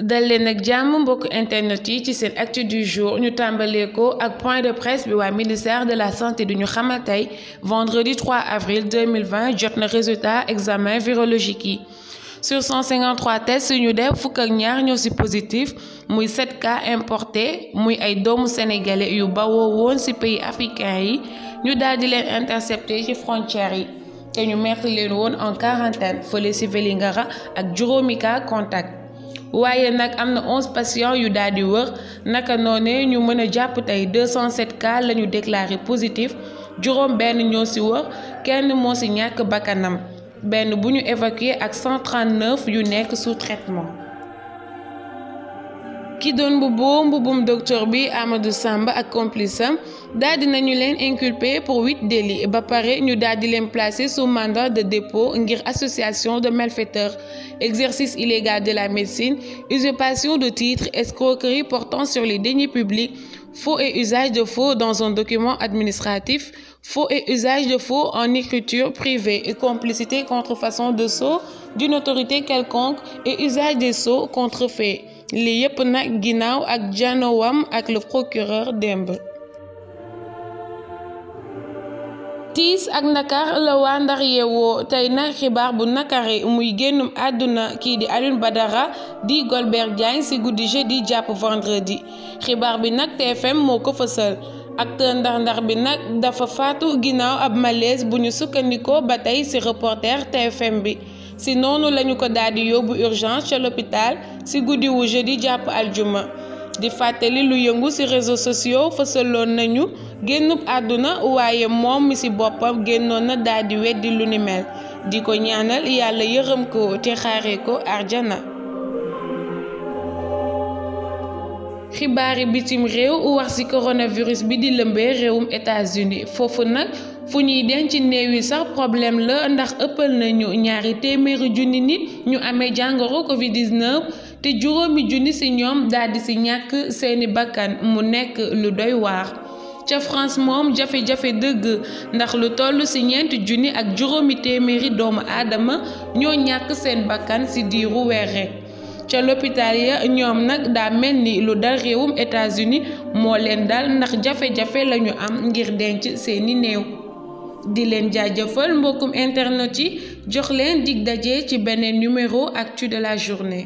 Dans leen ak jàmm internet yi ci sen du jour ñu tambalé ko ak point de presse bi ministère de la santé du ñu vendredi 3 avril 2020 jot na résultat examen virologique sur 153 tests nous ñu def fukk ak ñaar ñoo ci positif muy 7 cas importés muy ay doomu sénégalais yu sénégalais won ci pays africain yi ñu leen intercepté ci frontières yi té ñu mettre leen en quarantaine feulé ci Velingara ak juromika cas contact waaye nag am na onze patients yu daal di wër naka noonee ñu mën a jàpp tey 207 cas la ñu déclaré positif juróom benn ñoo ci wër kenn moo ci ñàkk bakkanam benn bu ñu évacué ak 139 yu nekk sous traitement. Qui donne boum boum docteur bi Amadou Samba ak complice inculpé pour huit délits Et Bapare, ñu len sous mandat de dépôt ngir association de malfaiteurs exercice illégal de la médecine usurpation de titres escroquerie portant sur les deniers publics faux et usage de faux dans un document administratif faux et usage de faux en écriture privée et complicité contrefaçon de sceau d'une autorité quelconque et usage des sceaux contrefaits lii yépp nag ginnaaw ak janowam ak le procureur démb tiis ak ndakaar la waa Ndar yeewoo tey nag xibaar bu nakare muy génnum àdduna kii di Alioune Badara di Golbert Diagne ci guddi jeudi jàpp vendredi xibaar bi nag TFM moo ko fësal acteur Ndar-Ndar bi nag dafa faatu ginnaaw ab malaise bu ñu sukkandikoo ba tey ci reporter TFM bi ci noonu lañu ko daal yóbbu urgence ca l'hôpital si guddi wu jeudi jàpp aljuma di fàttali lu yëngu ci réseaux sociaux fësaloon nañu génnub àdduna waaye moom ci boppam génnoon na daldi di weddi lu ni mel di ko ñaanal yàlla yërëm ko te xare ko arjana xibaari bitim réew wax ci coronavirus bi di lëmbee réewum états foofu nag fu ñuy denc néew yi sax problème la ndax ëppal nañu ñaari téeméeri junni nit ñu amee jàngoro Covid te juróomi junni ci ñoom daal ci ñàkk seeni bakkan mu nekk lu doy waar. ca France moom jafe-jafe dëgg ndax lu toll ci ñeent junni ak juróomi téeméeri doomu aadama ñoo ñàkk seen bakkan ci diiru weer ca l'hôpital ya ñoom nag daa mel ni lu dal réewum états moo leen dal ndax jafe-jafe lañu am ngir denc seeni néew. di leen jaajëfal mbokum internet yi jox leen dig daje ci beneen numéro actu de la journée.